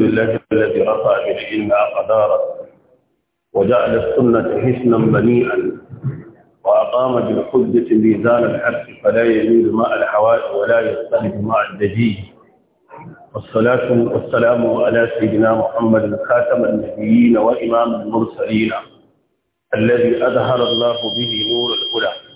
لله الذي رفع بالعلم أقدارا وجعل السنة حسنا منيئا وأقام بالحجة ميزان الحق فلا يميل ماء الحوائج ولا يختلف ماء الدجيج والصلاة والسلام على سيدنا محمد خاتم النبيين وإمام المرسلين الذي أظهر الله به نور الهدى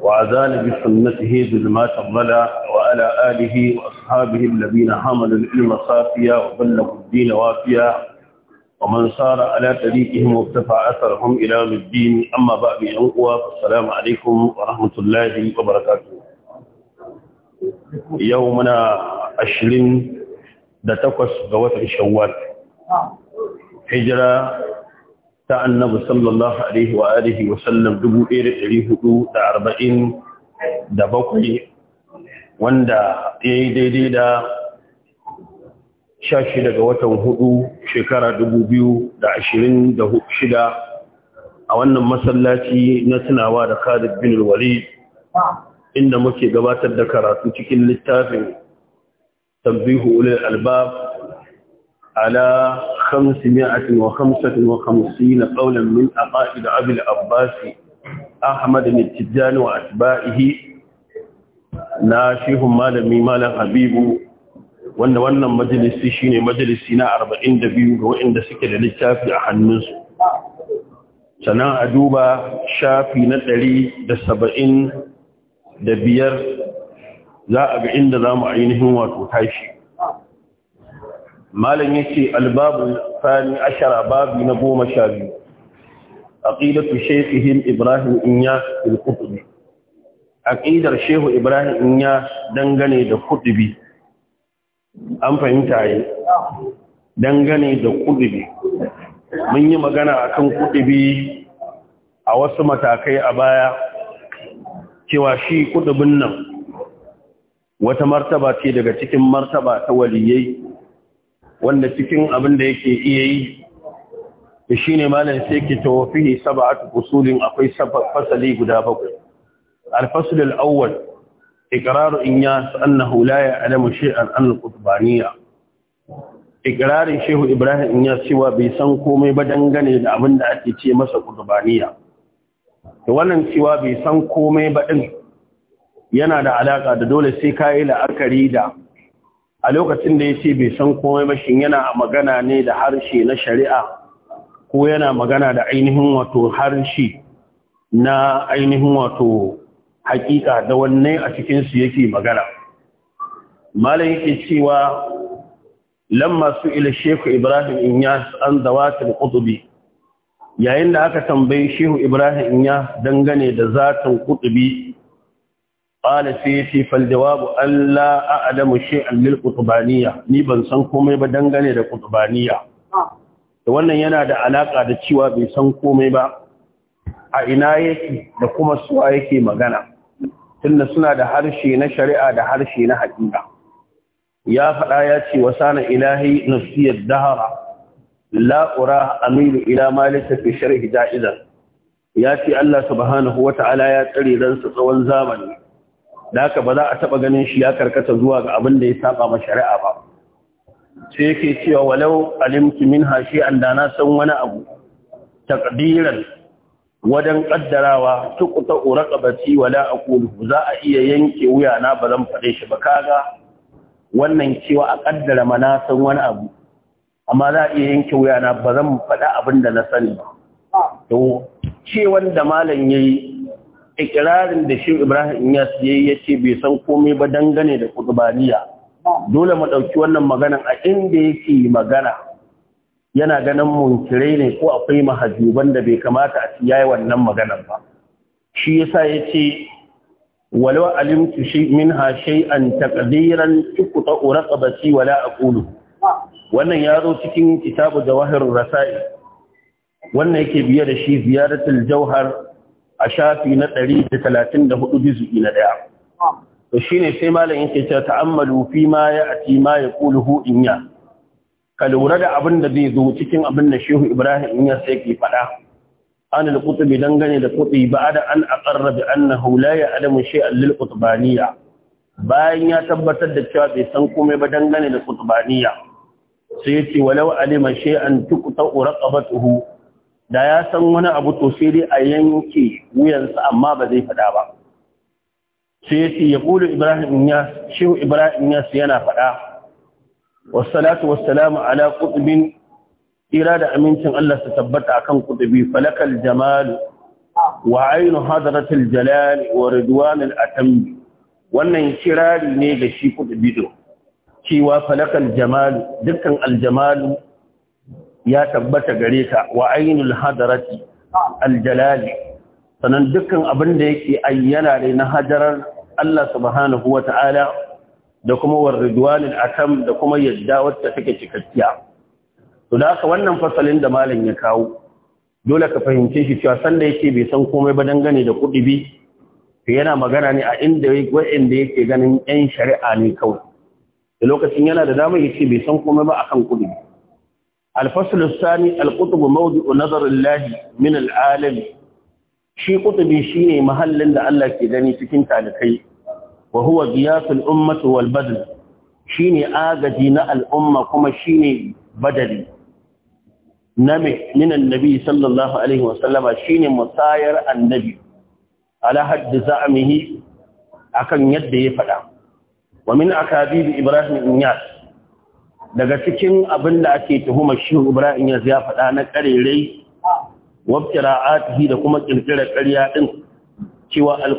وأزال بسنته ظلمات الضلع وعلى آله وأصحابه الذين حملوا العلم صافيا وبلغوا الدين وافيا ومن صار على طريقهم واقتفى أثرهم إلى الدين أما بعد أنقوى فالسلام عليكم ورحمة الله وبركاته يومنا عشرين da takwas ga watan shawwal hijira ta annabi sallallahu alaihi wa alihi wa sallam 1447 wanda ya yi daidai da shashi daga watan hudu shekara 2026 a wannan masallaci na tunawa da Khalid bin Walid inda muke gabatar da karatu cikin littafin tambihu ulil albab ala خمسمائة وخمسة وخمسين قولا من أقائد أبي العباس أحمد بن التجان وأتباعه ناشيهم مالمي مالا حبيب wanda wannan majalisi shine majalisi na biyu ga waɗanda suke da littafi a hannunsu sannan a duba shafi na 175 za a ga inda za ainihin wato tashi malam yace albabu sani ashara babu na goma sha biyu aqidatu shaykhihim ibrahim inya fil qutb aqidar shehu ibrahim inya dangane da qutbi an fahimta yi dangane da qutbi mun yi magana akan qutbi a wasu matakai a baya cewa shi qutbin nan wata martaba ce daga cikin martaba ta waliyai wanda cikin abin da yake iya yi da shi ne malam sai ke tawafihi saba'atu usulin akwai fasali guda bakwai alfasul Auwal awwal iqrar in ya annahu la ya'lamu shi'ar an al-qutbaniyya shehu ibrahim in ya cewa bai san komai ba dangane da abin da ake ce masa qutbaniyya Da wannan cewa bai san komai ba yana da alaka da dole sai kayi la'akari da a lokacin da ya ce bai san komai mashin yana yana magana ne da harshe na shari'a ko yana magana da ainihin wato harshe na ainihin wato hakika da wannan a cikinsu yake magana malam yake cewa lamma su ila shehu ibrahim inyas an zawatul qutubi yayin da aka tambayi shehu ibrahim inyas dangane da zatin qutubi qala sai yace fal jawabu alla a'lamu shay'an lil qutbaniyya ni ban san komai ba dangane da qutbaniyya to wannan yana da alaka da cewa bai san komai ba a ina yake da kuma suwa yake magana tunda suna da harshe na shari'a da harshe na haƙiƙa ya faɗa ya ce wa sana ilahi nafsiyar dahara la'ura aminu ila malika fi sharhi da'idan ya ce Allah subhanahu Wataala ya tsare ransa tsawon zamani da haka ba za a taɓa ganin shi ya karkata zuwa ga abin da ya saba ma shari'a ba sai yake cewa walau alimtu min hashi an da na san wani abu takdiran wajen kaddarawa tukuta uraqabati wala aqulu za a iya yanke wuya na ba zan fade shi ba kaga wannan cewa a kaddara ma na san wani abu amma za a iya yanke wuya na ba zan faɗa abin da na sani ba to ce wanda malam yayi ikirarin da shi Ibrahim Iyas yayi ce bai san komai ba dangane da kudubaniya dole mu dauki wannan maganar a inda yake magana yana ganin munkirai ne ko akwai mahajuban da bai kamata a yayi wannan magana ba shi yasa yace walau alimtu shay minha shay'an taqdiran tuqta raqabati wala aqulu wannan ya zo cikin kitabu jawahir rasail wannan yake biye da shi ziyaratul jawhar a shafi na 134 juz'i na daya to shi ne sai malam yake cewa ta'ammalu fi ma ya ya'ti ma yaquluhu inya ka lura da abin da zai zo cikin abin da Shehu Ibrahim ya sai ke faɗa an al-qutubi dangane da ba da an aqarra bi annahu la ya'lamu shay'an lil qutbaniyya bayan ya tabbatar da cewa bai san komai ba dangane da qutbaniyya sai yace walau alima shay'an tuqta'u raqabatuhu da ya san wani abu to sai dai a yanke wuyansa amma ba zai faɗa ba sai yace ya kulu ibrahim ya shehu ibrahim ya yana faɗa wassalatu wassalamu ala qutbin ira da amincin Allah su tabbata akan qutbi falakal jamal wa aynu hadratil jalal wa ridwanil atam wannan kirari ne ga shi qutbi do cewa falakal jamal dukkan jamal ya tabbata gare ta wa ainul hadarati aljalali sanan dukkan abin da yake ayyana dai na hajarar Allah subhanahu wata'ala da kuma warridwanil atam da kuma yadda wata take cikakkiya to da aka wannan fasalin da malam ya kawo dole ka fahimce shi cewa sanda yake bai san komai ba dangane da kuɗi bi to yana magana ne a inda wa'inda yake ganin yan shari'a ne kawai da lokacin yana da damar yake bai san komai ba akan kuɗi الفصل الثاني القطب موضع نظر الله من العالم شي قطبي شيني da Allah ke gani cikin talikai wa huwa giyasul ummati wal badl shine agaji na al'umma kuma shine badali name min annabi sallallahu alaihi wa shine musayar annabi ala hadd za'mihi akan yadda ya faɗa. wa min akabibi ibrahim inyas daga cikin abin da ake tuhumar shi Ibrahim ya ya faɗa na ƙarerai wabtira'atihi da kuma ƙirƙirar ƙarya ɗin cewa al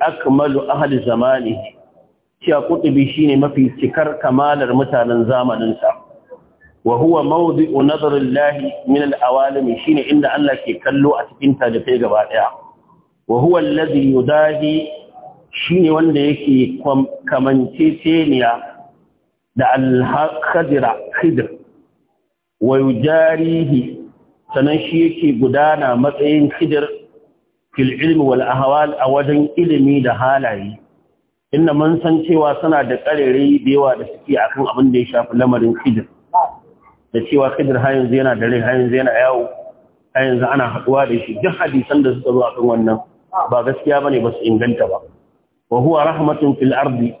akmalu ahli zamani cewa qutubi shine mafi cikar kamalar mutanen zamanin sa wa huwa mawdi'u nazar lahi, min al shine inda Allah ke kallo a cikin talifai gaba ɗaya wa huwa alladhi yudahi shine wanda yake kamanceceniya da al Hadira khidr wa yujarihi sanan shi yake gudana matsayin khidr fil ilmi wal ahwal a wajen ilimi da halaye inda mun san cewa suna da karere da yawa da suke akan abin da ya shafi lamarin khidr da cewa khidr har yanzu yana da rai har yanzu yana yawo har yanzu ana haduwa da shi duk hadisan da suka zo akan wannan ba gaskiya bane ba su inganta ba wa huwa rahmatun fil ardi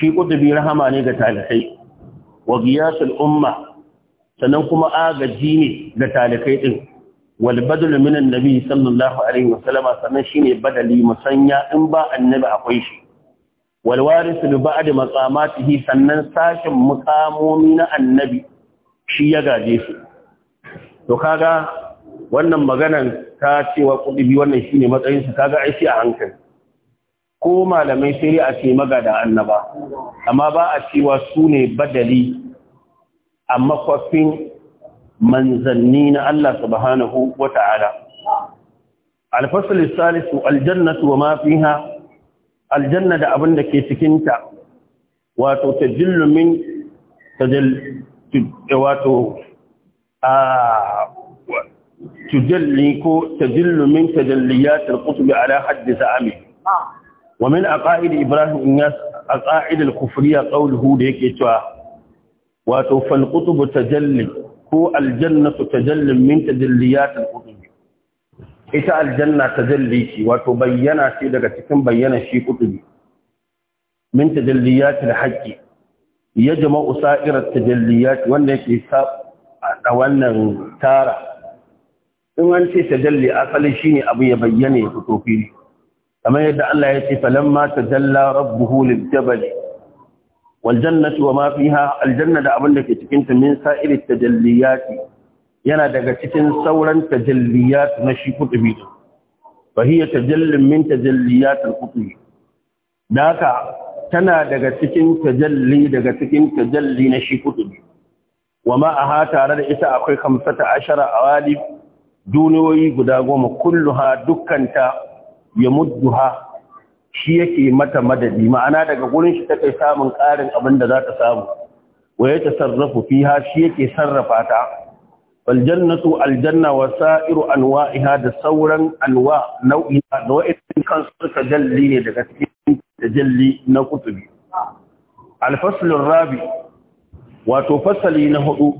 shi kutubi rahama ne ga talikai wa giyasul umma sannan kuma agaji ne ga talikai ɗin. wal badal min annabi sallallahu alaihi wasallam sannan shine badali musanya in ba annabi akwai shi wal waris li ba'd maqamatihi sannan sashin muqamomi na annabi shi ya gaje su to kaga wannan maganan ta cewa kudubi wannan shine matsayin su kaga ai sai a hankali ko malamai sai a ce da annaba amma ba a cewa su ne badali a makwafin manzanni na Allah subhanahu wa ta'ala alfasal salisu aljannatu wa ma aljanna da abin da ke cikin ta wato tajillu min tajal wato a تجلي كو تجل من تجليات القطب على حد زعمه wa min aqaid ibrahim inyas aqaid al-kufriyya qawluhu da yake cewa wato fal qutub tajalli ko al-jannatu tajalli min tajalliyat al-qutub ita aljanna tajalli ce wato bayyana ce daga cikin bayyana shi kutubi min tajalliyat al-haqqi yajma'u sa'ir at-tajalliyat wanda a wannan tara in an tajalli asali shine abu ya bayyana ya fito kamar yadda Allah ya ce falamma tajalla rabbuhu liljabal wal jannatu wama fiha al janna da abin da ke cikin ta min sa'ir tajalliyati yana daga cikin sauran tajalliyat na shi kutubi fa hiya tajallin min tajalliyat al kutubi daka tana daga cikin tajalli daga cikin tajalli na shi kutubi wama aha tare da ita akwai 15 awalif duniyoyi guda goma kulluha dukkanta ya shi yake mata madadi ma'ana daga gurin shi take samun ƙarin abin da za ta samu wa sarrafa tasarrafu fiha shi yake sarrafa ta wal jannatu al janna wa sa'iru anwa'iha da sauran anwa nau'i da wa'in kan suka jalli ne daga cikin jalli na kutubi al fasl rabi wato fasali na hudu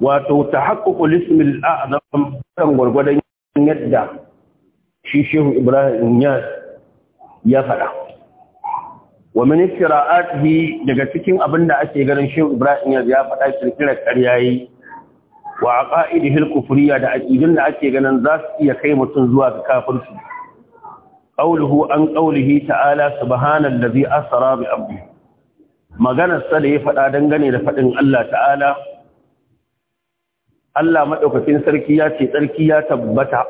wato tahaqququl ism al a'zam kan gurgudan yadda shi shehu ibrahim ya ya faɗa wa mini qira'atihi daga cikin abin da ake ganin shehu ibrahim ya ya faɗa kirkirar ƙarya yi wa a al hilku'furiya da aqidin da ake ganin za su iya kai mutum zuwa ga kafirci qawluhu an qawlihi ta'ala zai asara bi abu maganar sa da ya faɗa dangane da faɗin Allah ta'ala Allah maɗaukakin sarki ya ce tsarki ya tabbata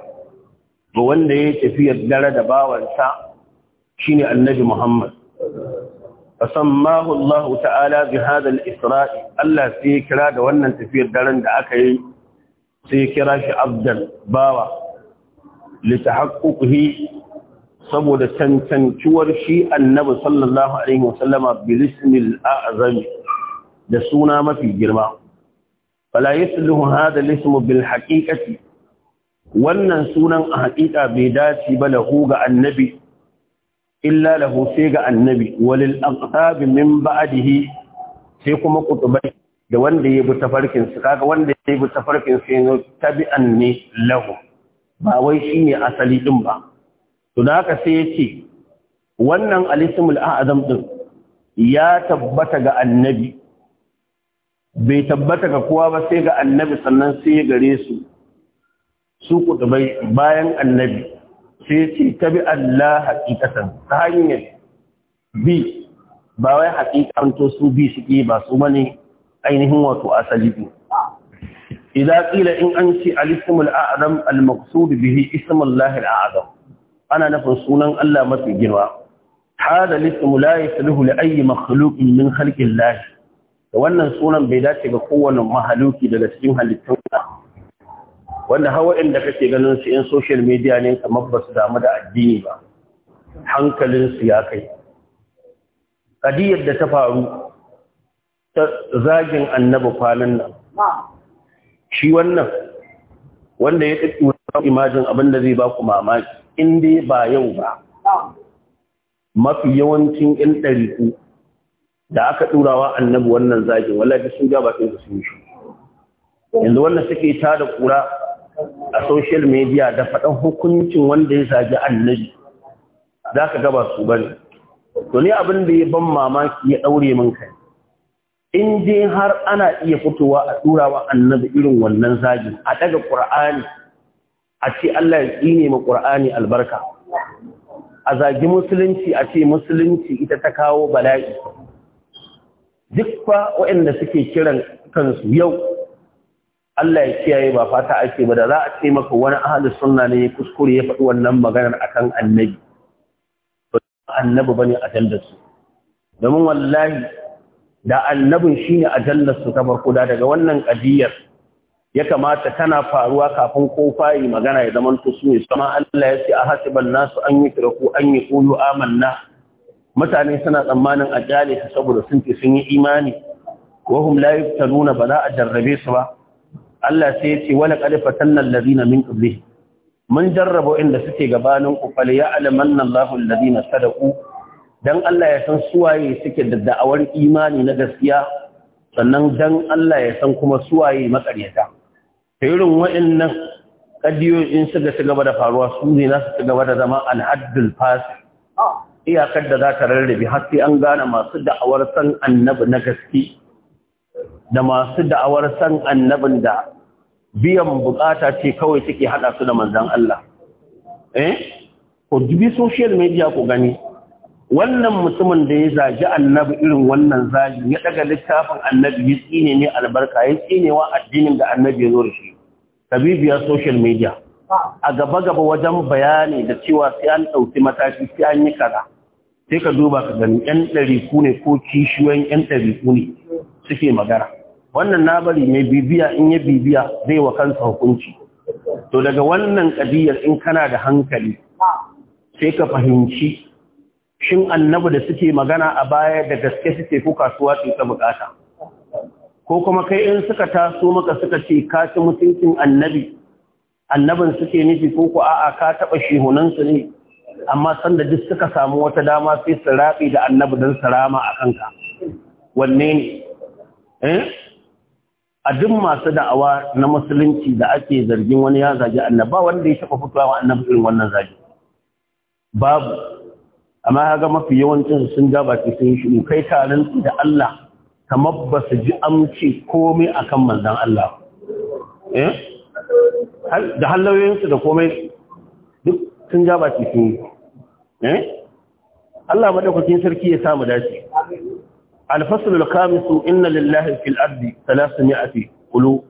ga wanda ya tafiyar dare da bawansa shine annabi Muhammad fasammahu Allah ta'ala bi hada israi Allah sai ya kira da wannan tafiyar daren da aka yi sai ya kira shi abdan bawa litahaqquqi saboda cancanciwar shi annabi sallallahu alaihi wasallama bil ismil da suna mafi girma fala yasluhu hada al-ismu bil haƙiƙati. wannan sunan a haƙiƙa bai dace ba lahu ga annabi illa lahu sai ga annabi walil aqtab min ba'dihi sai kuma kutubai da wanda ya bi tafarkin su kaga wanda ya bi tafarkin su ne tabi'an ne lahu ba wai shine asali din ba to da haka sai yace wannan alismul a'zam din ya tabbata ga annabi bai tabbata ga kowa ba sai ga annabi sannan sai gare su su kutubai bayan annabi sai ce ta bi Allah haƙiƙatan ta hanyar bi ba wai haƙiƙan to su bi su ke ba su mani ainihin wato asali bi idan ƙila in an ce alismul a'zam al-maqsud bihi ismullahi al-a'zam ana nufin sunan Allah mafi girma hada lismu la yasluhu li ayyi makhluqin min khalqi wannan sunan bai dace ga kowane mahaluki daga cikin halittun wanda hawa'in da kake ganin su in social media ne kamar ba su damu da addini ba su ya kai ƙadiyar da ta faru ta zagin annabi kwanan nan shi wannan wanda ya ƙaƙƙura imajin abin da zai ba ku mamaki in dai ba yau ba mafi yawancin 'yan ku da aka ɗurawa annabi wannan zagin wallafi sun gaba sai su yi shi yanzu wannan suke tada ƙura a social media da faɗan hukuncin wanda ya zagi annabi za ka gaba su bane to ni abin da ya ban mamaki ya ɗaure min kai in dai har ana iya fitowa a turawa annabi irin wannan zagi a daga ƙur'ani a ce Allah ya tsine ma ƙur'ani albarka a zagi musulunci a ce musulunci ita ta kawo bala'i duk fa waɗanda suke kiran kansu yau Allah ya kiyaye ba fata ake ba da za a ce maka wani ahli sunna ne kuskure ya faɗi wannan maganar akan annabi ba annabi bane a su domin wallahi da annabin shine ajallar su ta farko da daga wannan kadiyar ya kamata tana faruwa kafin ko fayi magana ya zaman to su ne sama Allah ya ce a hasiban nasu an yi tiraku an yi koyo amanna mutane suna tsammanin ajali saboda sun ce sun yi imani Ko hum la yuftanuna ba za a jarrabe su ba Allah sai ya ce wala qad fatanna allazina min qablihi mun jarrabo inda suke gabanin ku fal ya'lamanna Allahu allazina sadaqu dan Allah ya san suwaye suke da da'awar imani na gaskiya sannan dan Allah ya san kuma suwaye makaryata ta irin waɗannan kadiyoyin suka ci gaba da faruwa su ne za su ci gaba da zama alhaddul Fasi. iyakar da za ta rarrabe har sai an gane masu da'awar san annabi na gaske da masu da'awar san annabin da biyan bukata ce kawai suke hada su da manzan Allah eh ko dubi social media ko gani wannan mutumin da ya zagi annabi irin wannan zaji ya daga littafin annabi ya tsine ne albarka ya tsinewa addinin da annabi ya zo da shi tabibiyar social media a gaba gaba wajen bayani da cewa sai an ɗauki mataki sai an yi kaza sai ka duba ka gani yan ɗari ku ne ko kishiyoyin yan ɗari ku ne suke magana wannan na bari mai bibiya in ya bibiya zai wa kansa hukunci to daga wannan kadiyar in kana da hankali sai ka fahimci shin annabi da suke magana a baya da gaske suke ko kasuwa su ta bukata ko kuma kai in suka taso maka suka ce ka ci mutuncin annabi annabin suke nufi ko ku a'a ka taba shehunansu ne amma sanda duk suka samu wata dama sai su rabe da annabi don su rama a kanka wanne ne eh a duk masu da'awa na musulunci da ake zargin wani ya zagi annaba wanda ya shafa fitowa wa annabi irin wannan zagi babu amma haga mafi yawancin sun gaba ce sun shi kai tarin da Allah kamar ba su ji amce komai akan manzon Allah eh da hallayoyinsu da komai duk sun gaba ce sun yi eh Allah madaukakin sarki ya samu dace الفصل الخامس إن لله في الأرض ثلاثمائة قلوب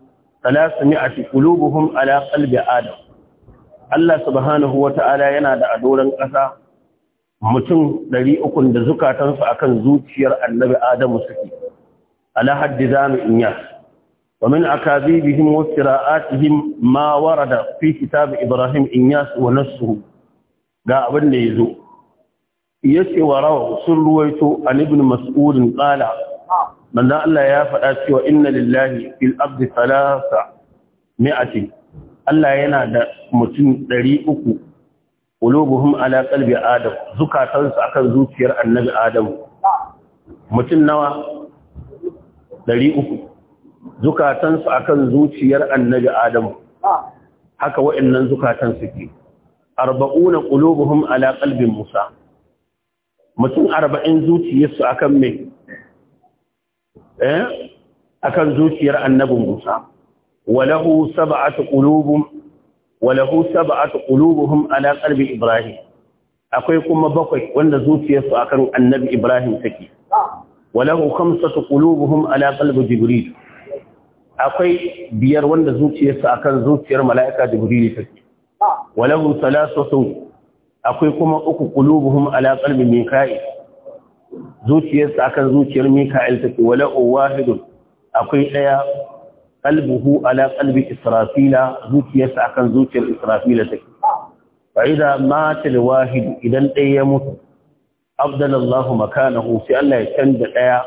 ثلاثمائة قلوبهم على قلب آدم الله سبحانه وتعالى ينادى أدولا قسا mutum ɗari ukun da zukatansu akan zuciyar annabi Adamu suke ala haddi zamu inya wa min akabibihim wa qira'atihim ma warada fi kitab Ibrahim Inyas wa nasru ga abin da zo? yace wa rawa sun ruwaito an ibn mas'udin qala manzo Allah ya faɗa cewa inna lillahi fil abdi thalatha mi'ati Allah yana da mutum 300 qulubuhum ala qalbi adam zukatansu akan zuciyar annabi adam mutum nawa 300 zukatansu akan zuciyar annabi adam haka wa'annan zukatan suke 40 qulubuhum ala qalbi musa mutum arba'in zuciyarsu akan me eh akan zuciyar annabin Musa walahu sab'atu qulubum walahu sab'atu qulubuhum ala qalbi Ibrahim akwai kuma bakwai wanda zuciyarsu akan annabi Ibrahim take walahu khamsatu qulubuhum ala qalbi Jibril akwai biyar wanda zuciyarsu akan zuciyar mala'ika Jibril take walahu thalathatu akwai kuma uku kulubuhum ala qalbi mika'il zuciyarsa akan zuciyar mika'il take wala wahidun akwai daya qalbuhu ala qalbi israfila zuciyarsa akan zuciyar israfila take fa idza mata wahid idan ɗaya ya mutu abdala Allah makanahu sai Allah ya canza daya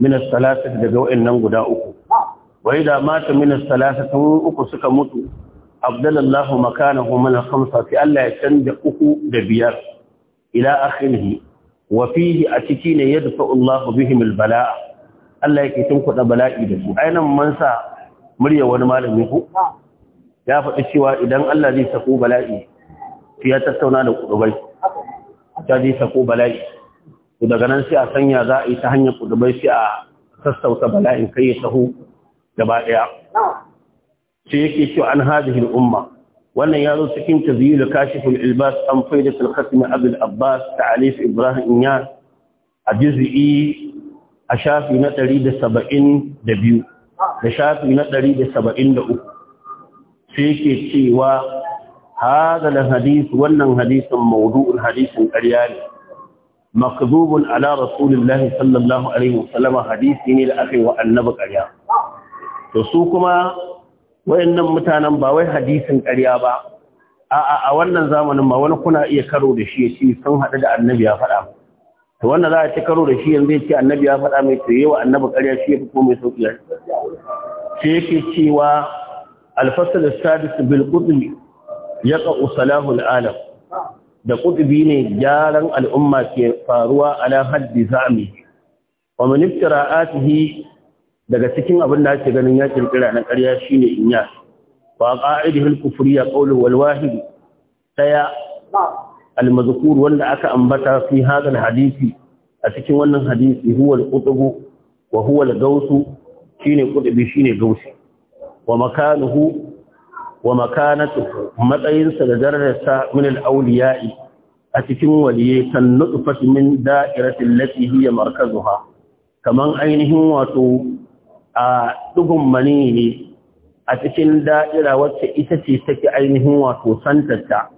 min as-salasati daga wayannan guda uku wa idza mata min as-salasati uku suka mutu abdallallahu makanahu min al-khamsa fi Allah ya canja uku da biyar ila akhirih wa fihi a ciki ne yadfa Allah bihim al-bala'a Allah yake tunkuda bala'i da su ainan man sa murya wani malami ku ya faɗi cewa idan Allah zai sako bala'i ya tattauna da kudubai ta zai sako bala'i daga nan sai a sanya za a yi ta hanyar kudubai sai a sassauta bala'in kai ya taho gaba ɗaya sai yake cewa an hadhihi al-umma wannan ya zo cikin tazyil kashiful ilbas an faidatul na abul abbas ta'alif ibrahim ya a juz'i a shafi na 172 da shafi na 173 sai yake cewa hadha al-hadith wannan hadisin mawdu'ul hadisin ƙarya ne مكذوب على رسول الله صلى الله عليه وسلم حديث ne da aka yi wa annabi karya. to su kuma wayannan mutanen ba wai hadisin ƙarya ba a'a a wannan zamanin ma wani kuna iya karo da shi yace sun hadu da annabi ya faɗa to wannan za a ci karo da shi yanzu ci annabi ya faɗa mai to yawa annabi ƙarya shi mai komai sauki sai yake cewa alfasar da sadis bil qutbi yaqa salahu al-alam da kutubi ne gyaran al'umma ke faruwa ala haddi za'ami, wa maniftira atihi daga cikin abin da ake ganin ya kirkira na ƙarya shine ya wa qa'idul kufriya qawlu wal wahid daya al mazkur wanda aka ambata fi hadal hadisi a cikin wannan hadisi huwa al qutbu wa huwa al gausu shine qutbi shine gausi wa makanuhu wa makanatuhu matsayinsa da darajarsa min al awliya'i a cikin waliye kan nutfati min da'irati lati hiya markazuha kaman ainihin wato a ɗugun mani ne a cikin da'ira wacce ita ce take ainihin wato santarta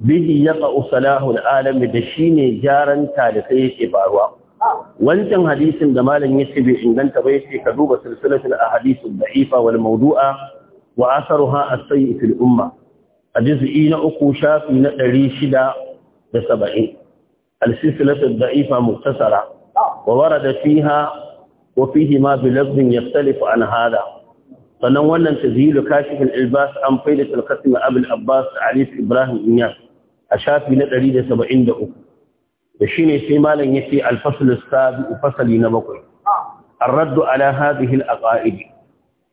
bihi ya ƙa'u salahu al'alami da shi ne jaranta da sai yake faruwa wancan hadisin da malam ya ce bai inganta bai ce ka duba silsilatul a hadisin da'ifa wal mawdu'a wa asaruha as-sayyi fil umma a juz'i na uku shafi na ɗari shida da saba'in al-silsilatul da'ifa muktasara wa warada fiha وفيهما بلفظ يختلف عن هذا sannan wannan tazilu kashifin Ilbasa an faida talkasin abul abbas Ali ibrahim inyas a shafi na ɗari da shine sai malam ya al-fasl as-sabi fasali na bakwai ar-radd ala hadhihi a aqaid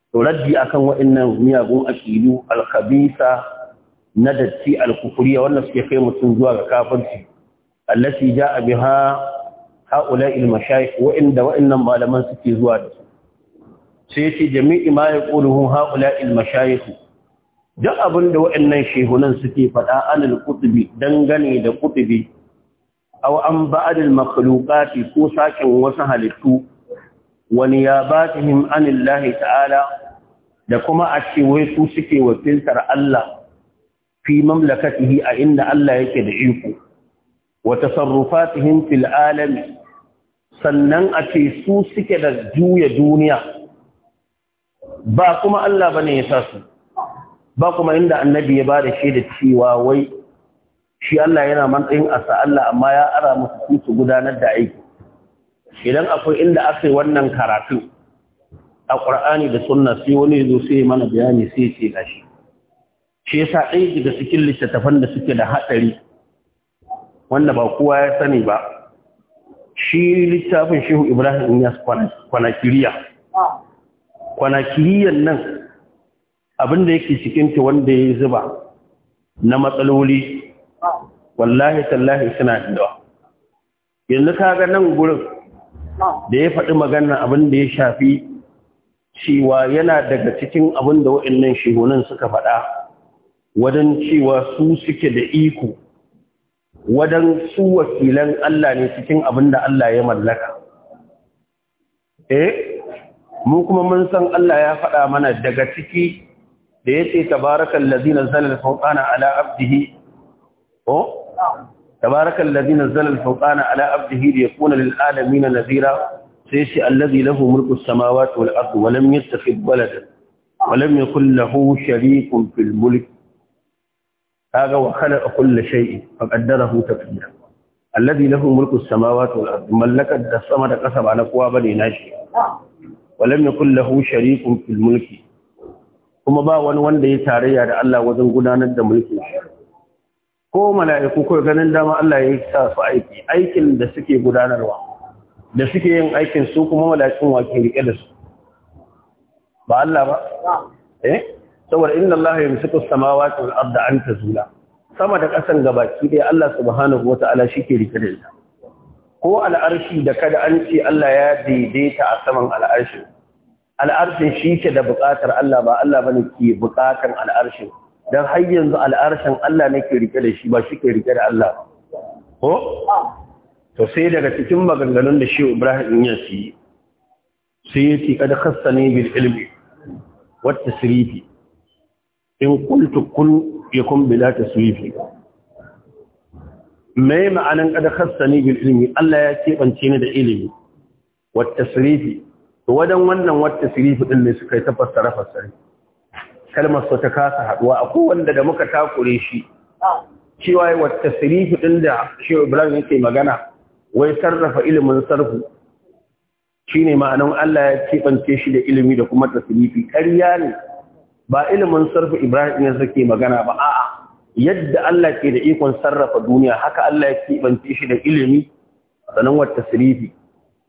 to raddi akan wa'annan miyagun aqidu al-khabisa na datti al a wannan suke kai mutum zuwa ga kafirci allati jaa biha haula ilmashayikh wa'inda wa'annan malaman suke zuwa da su sai yace jami'i ma yaquluhu haula ilmashayikh duk abin da wa'annan shehunan suke faɗa anil qutubi dangane da qutubi aw an ba'd ko sakin wasu halittu wa niyabatihim anillahi ta'ala da kuma a ce wai su suke wakiltar Allah fi mamlakatihi a inda Allah yake da iko wa tasarrufatihim fil alami sannan a ce su suke da juya duniya ba kuma Allah bane ya sa su ba kuma inda annabi ya ba da shi da cewa wai shi Allah yana matsayin asa Allah amma ya ara musu su gudanar da aiki idan akwai inda aka yi wannan karatu a ƙur'ani da sunna sai wani zo sai mana bayani sai ce gashi shi yasa ɗaya daga cikin littattafan da suke da haɗari? wanda ba kowa ya sani ba shi littafin shehu ibrahim ya kwanakiriya kwanakiriyan nan abinda yake cikinta wanda ya zuba na matsaloli wallahi tallahi suna da yanzu kaga nan gurin da ya faɗi magana abinda ya shafi cewa yana daga cikin abinda da nan shehunan suka faɗa wajen cewa su suke da iko wadan su wakilan Allah ne cikin abin da Allah ya mallaka eh mu kuma mun san Allah ya faɗa mana daga ciki da yace tabarakal ladzi nazzala al-furqana ala abdihi oh tabarakal ladzi nazzala al-furqana ala abdihi liyakuna lil na Nazira sai shi allazi lahu mulku as-samawati wal ardi wa lam yattakhidh waladan wa lam yakul fil mulki. kaga wa khalaqa kulla shay'in fa qaddarahu taqdira alladhi lahu mulku as-samawati wal ardi mallaka da sama da kasa ba na kowa bane nashi lam yakul lahu sharikun fil mulki kuma ba wani wanda ya tarayya da Allah wajen gudanar da mulkin shi ko mala'iku ko ganin dama Allah ya sa su aiki aikin da suke gudanarwa da suke yin aikin su kuma mala'ikun wa ke rike da su ba Allah ba eh saboda inna Allah ya musu samawati wal arda an tazula sama da kasan gabaki dai Allah subhanahu wataala shike rike da ita ko al'arshi da kada an ce Allah ya daidaita a saman al'arshi al'arshin shike da buƙatar Allah ba Allah bane ke buƙatar al'arshin dan har yanzu al'arshin Allah ne ke rike da shi ba shike rike da Allah ko to sai daga cikin maganganun da shi Ibrahim ya ci sai yace kad khassani bil ilmi wat tasrifi in qultu kun yakun bila taswifi mai ma'anan kada khassani bil ilmi Allah ya kebance ni da ilimi Wata tasrifi to wadan wannan wata tasrifi din ne suka ta fassara fassara kalmar so ta kasa haɗuwa a wanda da muka takure shi cewa wata tasrifi din da shi Ibrahim yake magana wai sarrafa ilimin sarfu shine ma'anan Allah ya keɓance shi da ilimi da kuma tasrifi ƙarya ne ba ilimin sarfa Ibrahim ne suke magana ba a'a yadda Allah ke da ikon sarrafa duniya haka Allah ya kibance shi da ilimi sanan wata tasrifi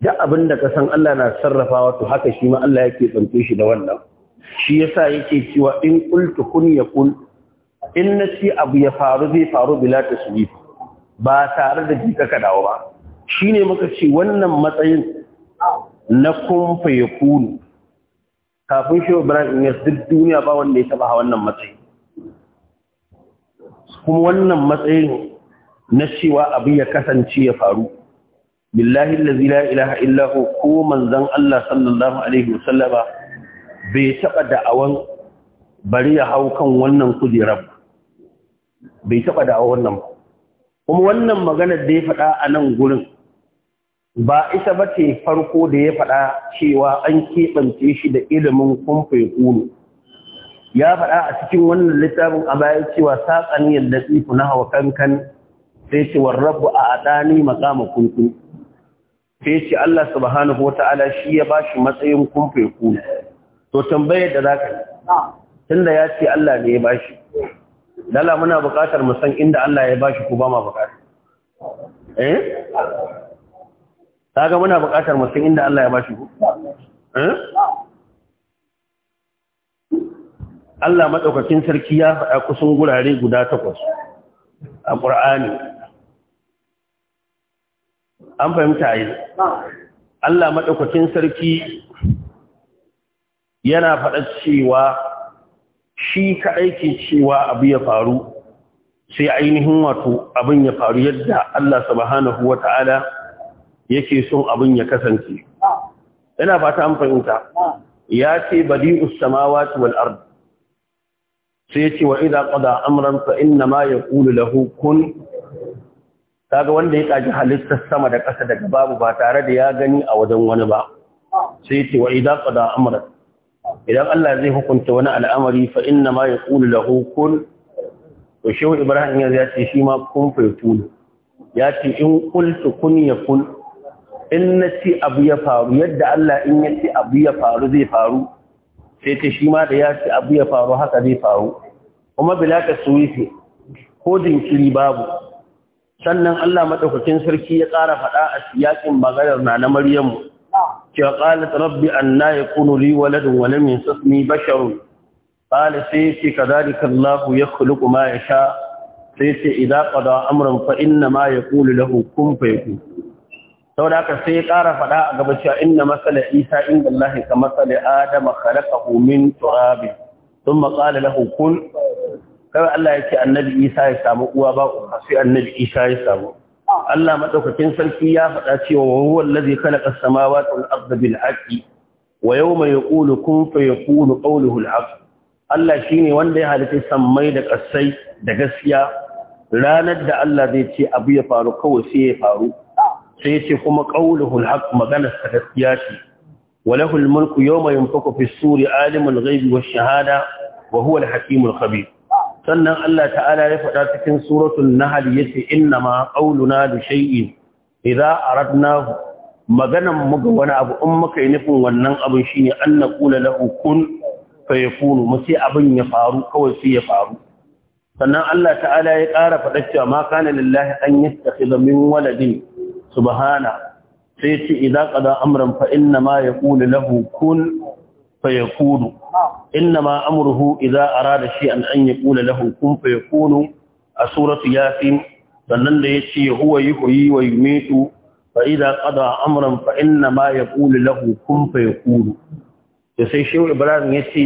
duk abin da ka san Allah na sarrafawa to haka shi ma Allah ya kibance shi da wannan shi yasa yake cewa in qultu kun yakun in nasi abu ya faru zai faru bila tasrif ba tare da jika ka dawo ba shine muka ce wannan matsayin na kun fa yakunu kafin shi Ibrahim Inyas duk duniya ba wanda ya taba wannan matsayi kuma wannan matsayin na cewa abin ya kasance ya faru billahi allazi la ilaha ila, hu ko manzan Allah sallallahu alaihi wasallama bai taba da'awan bari ya hau kan wannan kujerar bai taba da'awan nan ba kuma wannan maganar da ya faɗa a nan gurin ba ita ba ce farko da ya faɗa cewa an keɓance shi da ilimin kumfai kunu ya faɗa a cikin wannan littafin a baya cewa saƙani yadda tsifu na hawa kankan sai ce rabu a aɗani maƙama kuntu sai ce Allah subhanahu wa ta'ala shi ya ba shi matsayin kumfai kunu to tambayar da za ka yi da ya ce Allah ne ya ba shi dala muna buƙatar mu san inda Allah ya ba shi ko ba ma buƙatar eh? kaga muna buƙatar mu san inda Allah ya bashi ku eh? Allah madaukakin sarki ya faɗa kusan gurare guda takwas a Qur'ani an fahimta yi Allah madaukakin sarki yana faɗa cewa shi kaɗai ke cewa abu ya faru sai ainihin wato abin ya faru yadda Allah subhanahu ta'ala yake son abin ya kasance yana fata an fahimta ya ce badi'us ussamawa tuwal ard sai ya ce wa idza qada amuran fa inna ma yaqulu lahu kun ga wanda ya kaji halittar sama da ƙasa daga babu ba tare da ya gani a wajen wani ba sai ce wa idza qada amuran. idan Allah zai hukunta wani al'amari fa inna ma ya lahu kun to shehu ibrahim ya ce shi ma kun fa ya ce in qultu kun ya yakun in na ce abu ya faru yadda Allah in ya ce abu ya faru zai faru sai ta shi ma da ya ce abu ya faru haka zai faru kuma bila ta suwife ko jinkiri babu sannan Allah maɗaukakin sarki ya ƙara faɗa a siyakin maganar na na Maryamu cewa qalat rabbi anna yakunu li waladun wa lam yamsasni basharun qala sai ce kadhalika Allah yakhluqu ma sha, sai ce idza qada amran fa inna ma ya lahu kun fayakun saboda haka sai ya ƙara faɗa a gaba cewa inna masala isa inda Allah ka masala adama khalaqahu min turabin thumma qala lahu kun kawai Allah ya ce annabi isa ya samu uwa ba uwa sai annabi isa ya samu Allah madaukakin sarki ya faɗa cewa huwa allazi khalaqa as-samawati wal arda bil haqqi wa yawma yaqulu kun fayakunu qawluhu al haqq Allah shine wanda ya halitta sammai da kasai da gaskiya ranar da Allah zai ce abu ya faru kawai sai ya faru sai yace kuma qauluhu alhaq magana ta gaskiya ce walahu yau yawma yunfaku fi suri alimul ghaibi wash shahada wa huwa alhakimul khabir sannan Allah ta'ala ya faɗa cikin suratul nahl yace inna ma qauluna li shay'in idza aradnahu maganan mu ga wani abu in muka yi nufin wannan abin shine an naqula lahu kun fayakunu mu sai abin ya faru kawai sai ya faru sannan Allah ta'ala ya ƙara faɗa cewa ma kana lillahi an yattakhidha min waladin subhana sai ce idan qada amran fa inna ma yaqulu lahu kun fayakunu inna ma amruhu idan arada shi an yaqula lahu kun fayakunu a suratu yasin sannan da yace huwa yuhyi wa yumitu fa idan qada amran fa inna ma yaqulu lahu kun fayakunu da sai shehu ibrahim yace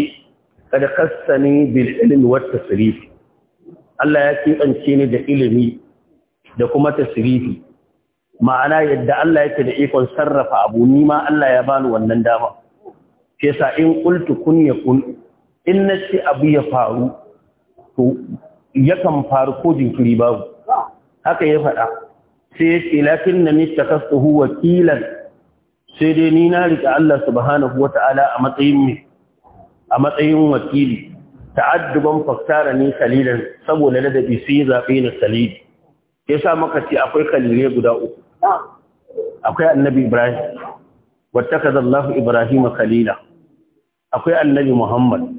kada kassani bil ilmi wat tasrif Allah ya kibance ni da ilimi da kuma tasrifi ma'ana yadda Allah yake da ikon sarrafa abu ni ma Allah ya bani wannan dama ke sa in qultu kun yakun in nasi abu ya faru to yakan faru ko jinkiri babu haka ya faɗa sai yake lakin na ni wakilan sai dai ni na rika Allah subhanahu ta'ala a matsayin mai a matsayin wakili ta'adduban faktara ni kalilan saboda ladabi sai zabe na salidi yasa maka ce akwai kalire guda uku akwai annabi ibrahim wattakaza allah ibrahim khalila akwai annabi muhammad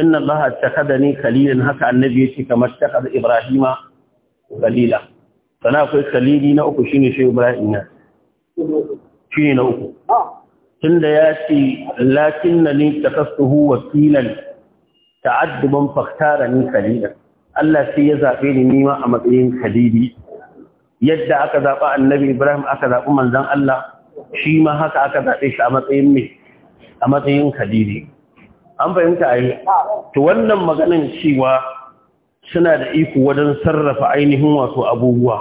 inna allah attakadani khalilan haka annabi yake kamar takaza ibrahima khalila sana akwai khalili na uku shine shi ibrahim na shine na uku tunda ya ce lakinnani takastuhu wakilan ta'adduban faktarani khalilan Allah sai ya zabe ni nima a matsayin khalili yadda aka zaɓa annabi Ibrahim aka zaɓi manzan Allah shi ma haka aka zaɓe shi a matsayin mai a matsayin kadiri an fahimta a yi to wannan maganin cewa suna da iko wajen sarrafa ainihin wasu abubuwa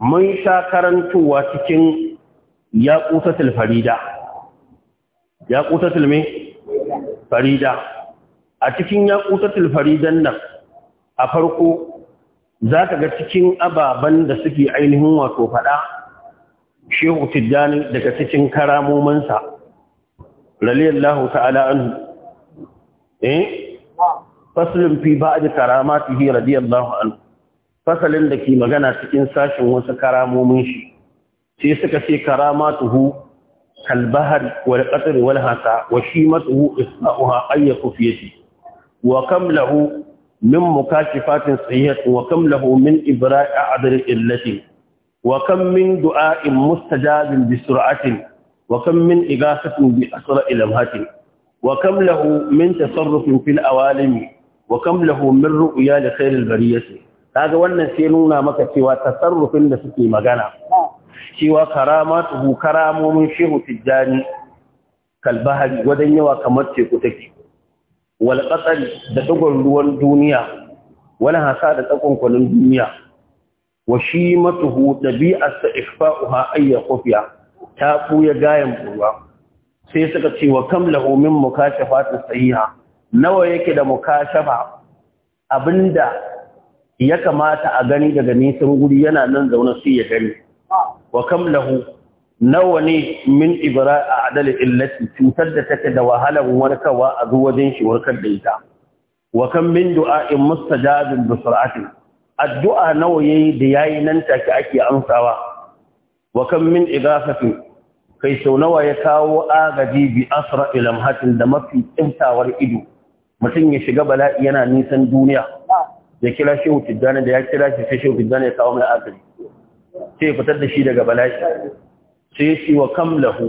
mun sha karantowa cikin yaƙutatul farida yaƙutatul me farida a cikin yaƙutatul faridan nan a farko za ka ga cikin ababen da suke ainihin wato faɗa shehu tijjani daga cikin karamomansa laliyallahu ta'ala anhu eh faslin fi ba'd karamatihi radiyallahu anhu fasalin da ke magana cikin sashin wasu karamomin shi sai suka ce karamatuhu kalbahar wal qatr wal hasa wa shimatuhu isma'uha ayyaku fiyati wa kam lahu min mukashifatin sayyi'at wa kam lahu min ibra'i adri illati wa kam min du'a'in mustajabin bi sur'atin wa kam min igasatin bi asra'i lamhatin wa kam lahu min tasarrufin fil awalimi wa kam lahu min ru'ya li khairil bariyati kaga wannan sai nuna maka cewa tasarrufin da suke magana cewa karamatuhu karamomin shehu tijjani kalbahari wajen yawa kamar teku take wal da tsagon ruwan duniya wani hasa da tsakon kwalin duniya wa shi matuhu ɗabi'arsa ikfa'uha ayya kofiya ta ɓuya gayan ruwa sai suka ce wa kam lahomin mukashafa ta sahiha nawa yake da mukashafa abinda ya kamata a gani daga nisan guri yana nan zaune sai ya gani wa kam lahu nawa ne min ibra a adalin illati cutar da take da wahalar warkarwa a wajen shi warkar da ita wa kan min du'a'in mustajabin bi sur'atin addu'a nawa yayi da yayi nan take ake amsawa wa kan min idafati kai sau nawa ya kawo agaji bi asra ilhamhatin da mafi tsintawar ido mutum ya shiga bala'i yana nisan duniya ya kira shehu tijjani da ya kira shi sai shehu tijjani ya kawo mai agaji sai ya fitar da shi daga bala'i sai wa kam lahu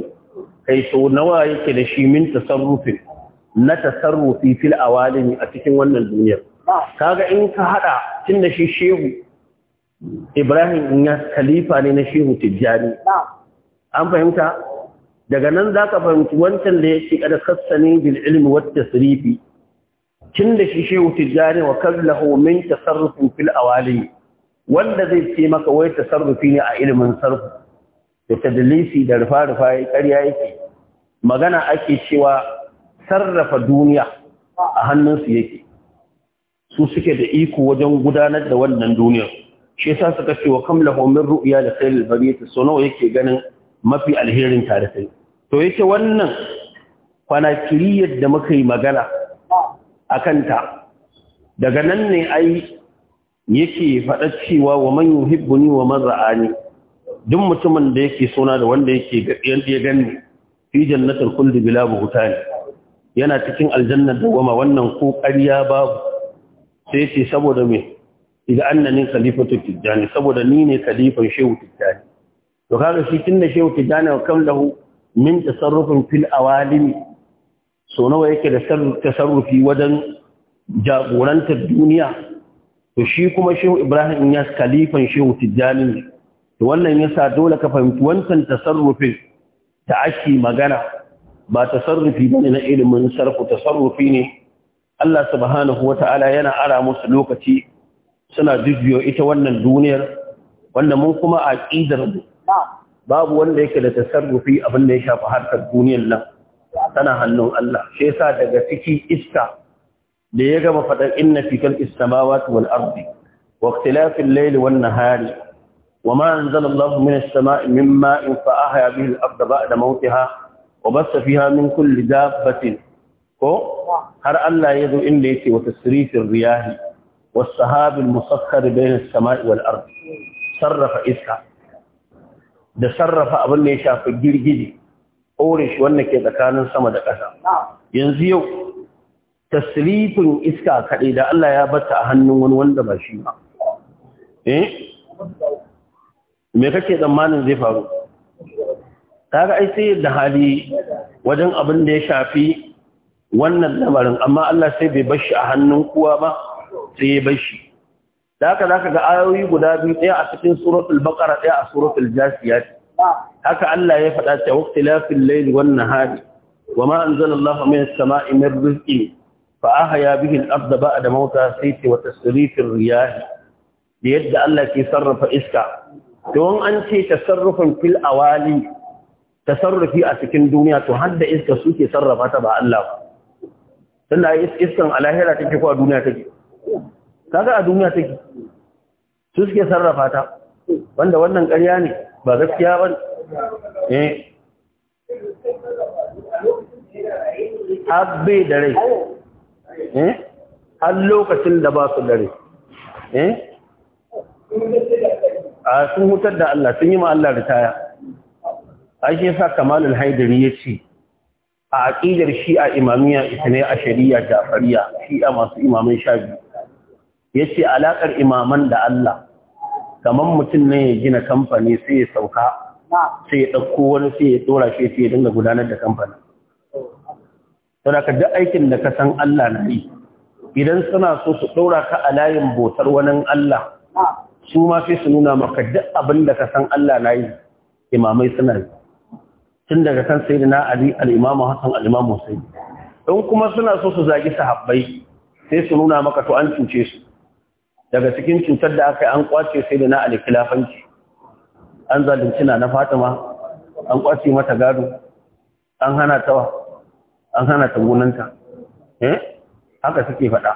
kai so nawa yake da shi min tasarrufin na tasarrufi fil a cikin wannan duniyar kaga in ka hada tun da shi shehu Ibrahim in ya khalifa ne na shehu Tijjani an fahimta daga nan zaka fahimci wancan da yake kada kassani bil ilmi wat tasrifi tun da shi shehu Tijjani wa kallahu min tasarrufin fil awalimi wanda zai ce maka wai tasarrufi ne a ilimin sarfu da tadlisi da rufa-rufa ya ƙarya yake magana ake cewa sarrafa duniya a hannunsu yake su suke da iko wajen gudanar da wannan duniyar shi yasa suka cewa kam lahu ru'ya da khairil al so nawa yake ganin mafi alherin tare sai to yake wannan kwanakiriyar da muka yi magana a kanta daga nan ne ai yake faɗa cewa wa man yuhibbuni wa man ra'ani duk mutumin da yake sona da wanda yake yadda ya ganni fi jannatar bila ne yana cikin aljannar dawama wannan ko ƙarya babu sai ce saboda me idan annani khalifatu tijani saboda ni ne khalifan shehu tijani to kaga shi tunda shehu tijani wa lahu min tasarrufin fil walimi, so nawa yake da tasarrufi wajen jagorantar duniya to shi kuma shehu ibrahim ya khalifan shehu ne. to wannan yasa dole ka fahimci wancan tasarrufin ake magana ba tasarrufi bane na ilimin sarfu tasarrufi ne Allah subhanahu wata'ala yana ara musu lokaci suna jujjuyo ita wannan duniyar wanda mun kuma aqidar mu babu wanda yake da tasarrufi abin da ya shafi harkar duniyar nan tana hannun Allah shi yasa daga ciki iska da ya gama faɗan inna fi kal istamawati wal ardi wa ikhtilafil layli wan nahari وما أنزل الله من السماء من ماء فأحيا به الأرض بعد موتها وبث فيها من كل دابة هر الله يذو إن ليتي وتسريف الرياح والسحاب المسخر بين السماء والأرض sarrafa iska da sarrafa abin da ya shafi girgiji ƙore shi wanda ke tsakanin sama da ƙasa yanzu yau tasirifin iska kaɗai da Allah ya bata a hannun wani wanda ba shi ba eh me kake tsammanin zai faru kaga ai sai da hali wajen abin da ya shafi wannan lamarin amma Allah sai bai bashi a hannun kowa ba sai ya bar da haka zaka ga ayoyi guda biyu ɗaya a cikin suratul baqara ɗaya a suratul jasiyat haka Allah ya faɗa ta waqtilafil layli wan nahari وما أنزل الله من السماء من رزق فأحيا به الأرض بعد موتها سيتي وتسريف Da yadda Allah ke sarrafa iska. don an ce tasarrufin fil awali tasarrufi a cikin duniya to har da iska suke sarrafa ta ba Allah ba tunda iskan alahira take ko duniya take kaga a duniya take su suke sarrafa ta wanda wannan ƙarya ne ba gaskiya ba eh abbe da rai eh har lokacin da ba su dare. eh a sun hutar da Allah sun yi ma Allah ritaya shi sa kamalul haidari ya ce a aƙidar shi'a imamiya ita ne a shari'a da jafariya shi'a masu imaman sha ya ce alaƙar imaman da Allah kamar mutum ne ya gina kamfani sai ya sauka sai ya ɗauko wani sai ya tsora shi sai ya dinga gudanar da kamfani don ka duk aikin da ka san Allah na yi idan suna so su ɗora ka a layin botar wani Allah su ma sai su nuna maka duk abin da ka san Allah na yi imamai suna yi tun daga kan sai na Ali al-Imamu Hassan al-Imamu Hussein in kuma suna so su zagi sahabbai sai su nuna maka to an cuce su daga cikin cutar da aka yi an kwace sai da na Ali khilafanci an zalunci na Fatima an kwace mata gado an hana ta an hana ta gonanta eh haka suke faɗa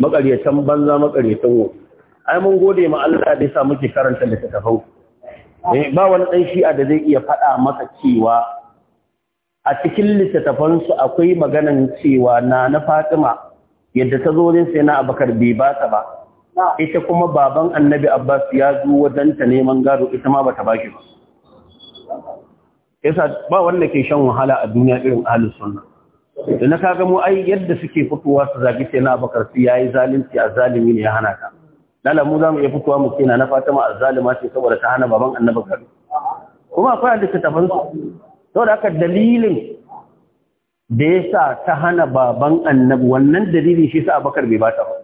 maƙaryatan banza maƙaryatan wuri ai mun gode ma Allah da ya sa muke karanta eh ba wani dan shi'a da zai iya faɗa maka cewa a cikin su akwai maganan cewa na na Fatima yadda ta zo ne sai na Abubakar bai ba ta ba ita kuma baban Annabi Abbas ya zo wajen ta neman gado ita ma bata bashi ba yasa ba wanda ke shan wahala a duniya irin ahlus sunna da na kaga mu ai yadda suke fitowa su zagi sai na Abubakar sai yayi zalunci a zalimi ne ya hana ta lalamu za mu iya fitowa mu kina na fatima azzalima ce saboda ta hana baban annabi gado kuma akwai da littattafan su saboda haka dalilin da ya sa ta hana baban annabi wannan dalili shi sa abakar bai bata ba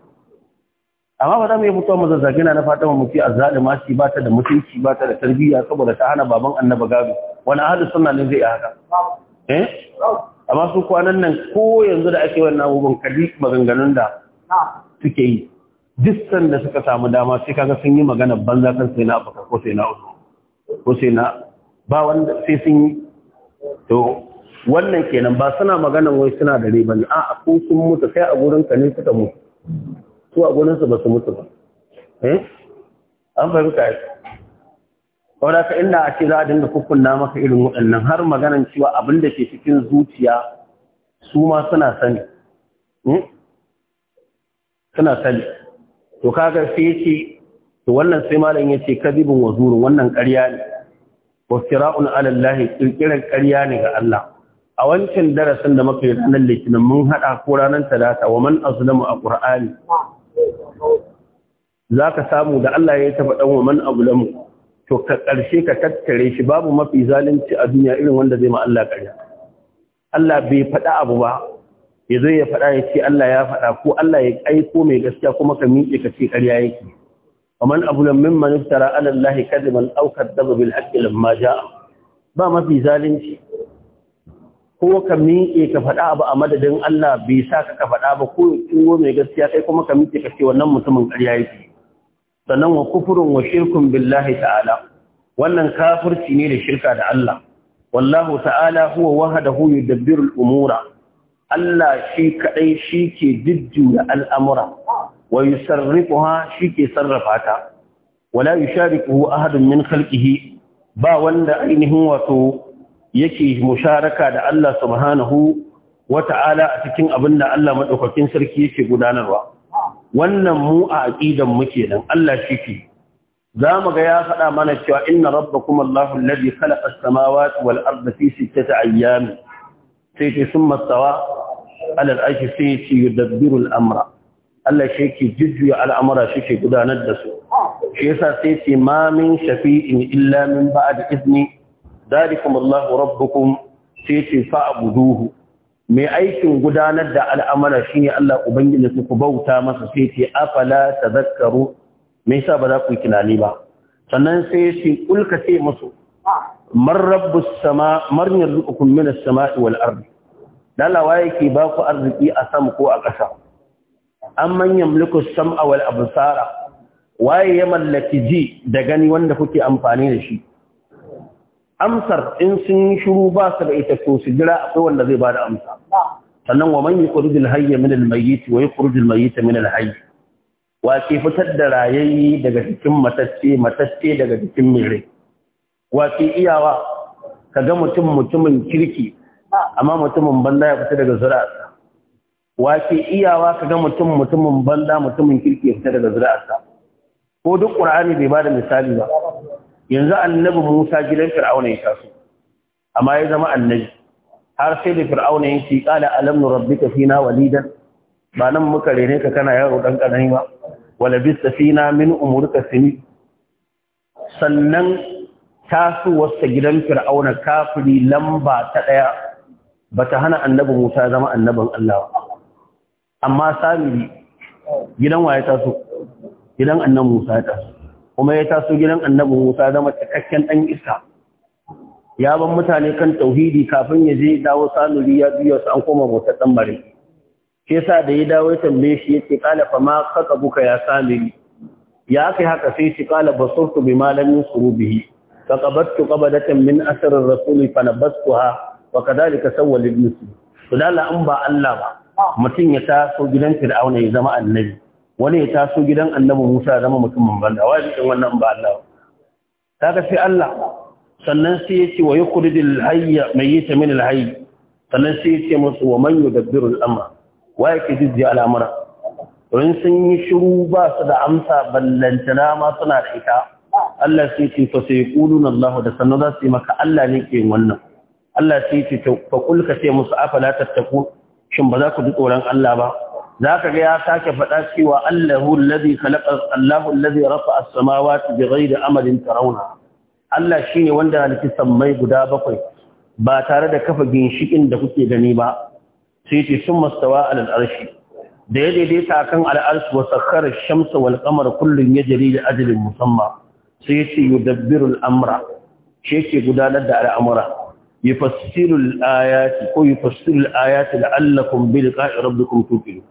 amma ba za mu iya fitowa mu zazzagina na fatima mu ci azzalima ce ba ta da mutunci ba ta da tarbiyya saboda ta hana baban annabi gado wani ahadu sunna ne zai haka eh amma su kwanan nan ko yanzu da ake wannan abubuwan kadi maganganun da suke yi distan da suka samu dama sai kaga sun yi magana banza kan sai na abaka ko sai na uzo. ko sai na ba wanda sai sun yi to wannan kenan ba suna magana wai suna da riba ne a ko sun mutu sai a gurin ka ne suka mutu su a gurin su ba su mutu ba eh an fahimta ai da ka inda a ce za a dinga kukkunna maka irin waɗannan har maganan cewa abin da ke cikin zuciya su ma suna sani hmm? suna sani to kaga sai yace to wannan sai malam yace kadibun wa wannan ƙarya ne wastira'un ala Allah kirkiran ƙarya ne ga Allah a wancan darasin da muka yi ranar litinin mun haɗa ko ranar talata wa man azlamu a ƙur'ani za ka samu da Allah ya taɓa ɗan wa man azlamu to ka ƙarshe ka tattare shi babu mafi zalunci a duniya irin wanda zai ma Allah ƙarya Allah bai faɗa abu ba ya zo ya faɗa ya ce Allah ya faɗa ko Allah ya aiko mai gaskiya kuma ka miƙe ka ce ƙarya yake ومن أظلم ممن افترى على الله كذبا أو كذب بالحق لما جاء ba mafi zalunci ko ka miƙe ka faɗa ba a madadin Allah bai sa ka ka faɗa ba ko kingo mai gaskiya kai kuma ka miƙe ka ce wannan mutumin ƙarya yake sannan wa kufurun wa shirkun billahi ta'ala wannan kafirci ne da shirka da Allah wallahu ta'ala huwa wahdahu yudabbiru al-umura Allah shi kaɗai shi ke jujjuya al'amura, wa yi shi ke sarrafa ta, wala yi shariƙuwa ahadin min kalƙihi ba wanda ainihin wato yake musharaka da Allah subhanahu wa ta'ala a cikin abin da Allah maɗaukakin sarki yake gudanarwa. Wannan mu a aƙidan muke nan Allah shi ke. Za mu ga ya faɗa mana cewa inna rabba kuma Allah kala kalaƙa samawa wal arda fi ayyami. Sai ce sun matsawa alal ashi sai ya ce yudabbiru al'amra Allah shi ke jujjuya al'amura shi ke gudanar da su shi yasa sai ce ma min shafi'in illa min ba'd izni dalikum Allah rabbukum sai ce fa abuduhu mai aikin gudanar da al'amura shine Allah ubangiji su ku bauta masa sai ce afala tadhakkaru me sa ba za ku yi tunani ba sannan sai shi kulka ce musu man rabbus sama man yarzuqukum minas sama'i wal ardi dalawa yake ba ku arziki a sam ko a ƙasa amman yamliku sam'a wal absara waye ya mallaki ji da gani wanda kuke amfani da shi amsar in sun shiru ba su da ita ko su jira akwai wanda zai bada amsa sannan wa man yukhrij al hayy min al mayyit wa yukhrij al mayyit min al hayy wa ke fitar da rayayye daga cikin matacce matacce daga cikin mere wa ke iyawa kaga mutum mutumin kirki amma mutumin banda ya fita daga zuri'arsa wace iyawa ka mutum mutumin banda, mutumin kirki ya fita daga zuri'arsa ko duk qur'ani bai bada misali ba yanzu annabi Musa gidan Fir'auna ya taso amma ya zama annabi har sai da Fir'auna ya ce qala alam nurabbika fina walidan ba nan muka rene ka kana yaro dan karami ba wala bista fina min umurka sini sannan tasowarsa gidan Fir'auna kafiri lamba ta ɗaya? bata hana annabi Musa zama annabin Allah amma Samiri gidan waye taso gidan annabi Musa ya taso kuma ya taso gidan annabi Musa zama cikakken dan iska ya ban mutane kan tauhidi kafin ya je dawo Samiri ya biyo su an koma bautar dan bare shi yasa da ya dawo ya tambaye shi yace kala fa ma buka ya Samiri ya kai haka sai shi kala basurtu bi malamin surubihi faqabattu qabadatan min asrar rasuli fanabastuha wa kadhalika sawwal ibnisi to dala an ba Allah ba mutum ya taso gidan Fir'auna ya zama annabi wani ya taso gidan Annabi Musa ya zama mutum banda wai din wannan ba Allah kaga sai Allah sannan sai yace wa yukhrijul hayya mayyita min al hayy sannan sai yace musu wa man yudabbiru al amra wa yake jiji al amra in sun yi shiru ba su da amsa ballantana ma suna da ita Allah sai ce fa sai yaquluna Allah da sannan za su yi maka Allah ne ke wannan Allah sai ya ce fa kul ka ce musu afala tattaku shin ba za ku ji tsoron Allah ba za ka ga ya sake faɗa cewa Allahu alladhi khalaqa Allahu alladhi rafa'a as-samawati bighairi amalin tarawna Allah shine wanda halitta sammai guda bakwai ba tare da kafa ginshikin da kuke gani ba sai ce sun mastawa alal arshi da ya daidaita kan al'arsu wa sakharar shamsa wal kamar kullum ya jarida ajlin musamman sai ya ce yi dabbirul amra shi yake gudanar da al'amura yufassiru al-ayati ko yufassiru al-ayati la'allakum bi liqa'i rabbikum tuqinun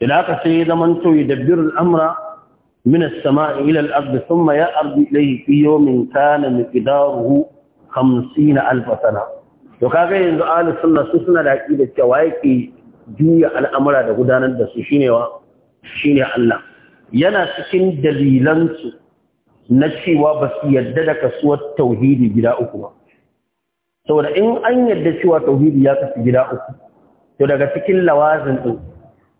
idan aka sai zaman to yadabbiru al-amra min as-sama'i ila al-ard thumma ya'rdu ilayhi fi yawmin kana miqdaruhu 50 to kaga yanzu ahli sunna su suna da aqida cewa yake juya al'amura da gudanar da su shine Allah yana cikin dalilansu na cewa basu yarda da kasuwar tauhidi gida uku ba saboda in an yadda cewa tauhidi ya kasu gida uku to daga cikin lawazin din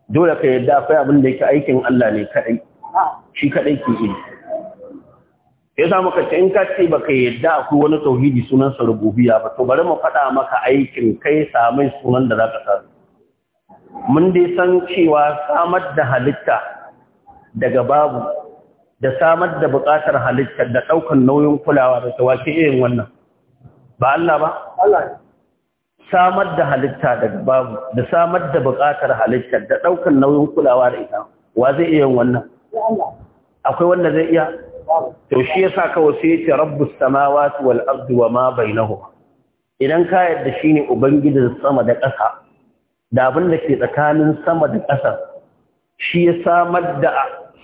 dole ka yadda akwai abin da yake aikin Allah ne kadai shi kadai ke yi ya za mu ce in ka ce baka yadda akwai wani tauhidi sunan sa rububiyya ba to bari mu faɗa maka aikin kai samai sunan da zaka sa mun dai san cewa samar da halitta daga babu da samar da buƙatar halitta da ɗaukar nauyin kulawa da tawafi irin wannan ba Allah ba Allah samar da halitta da babu da samar da buƙatar halitta da ɗaukar nauyin kulawa da ita wa zai iya wannan akwai wanda zai iya to shi yasa kawai sai yace rabbus samawati wal ardi wa ma bainahuma idan ka yadda shine ubangijin sama da ƙasa da abin da ke tsakanin sama da ƙasa shi ya samar da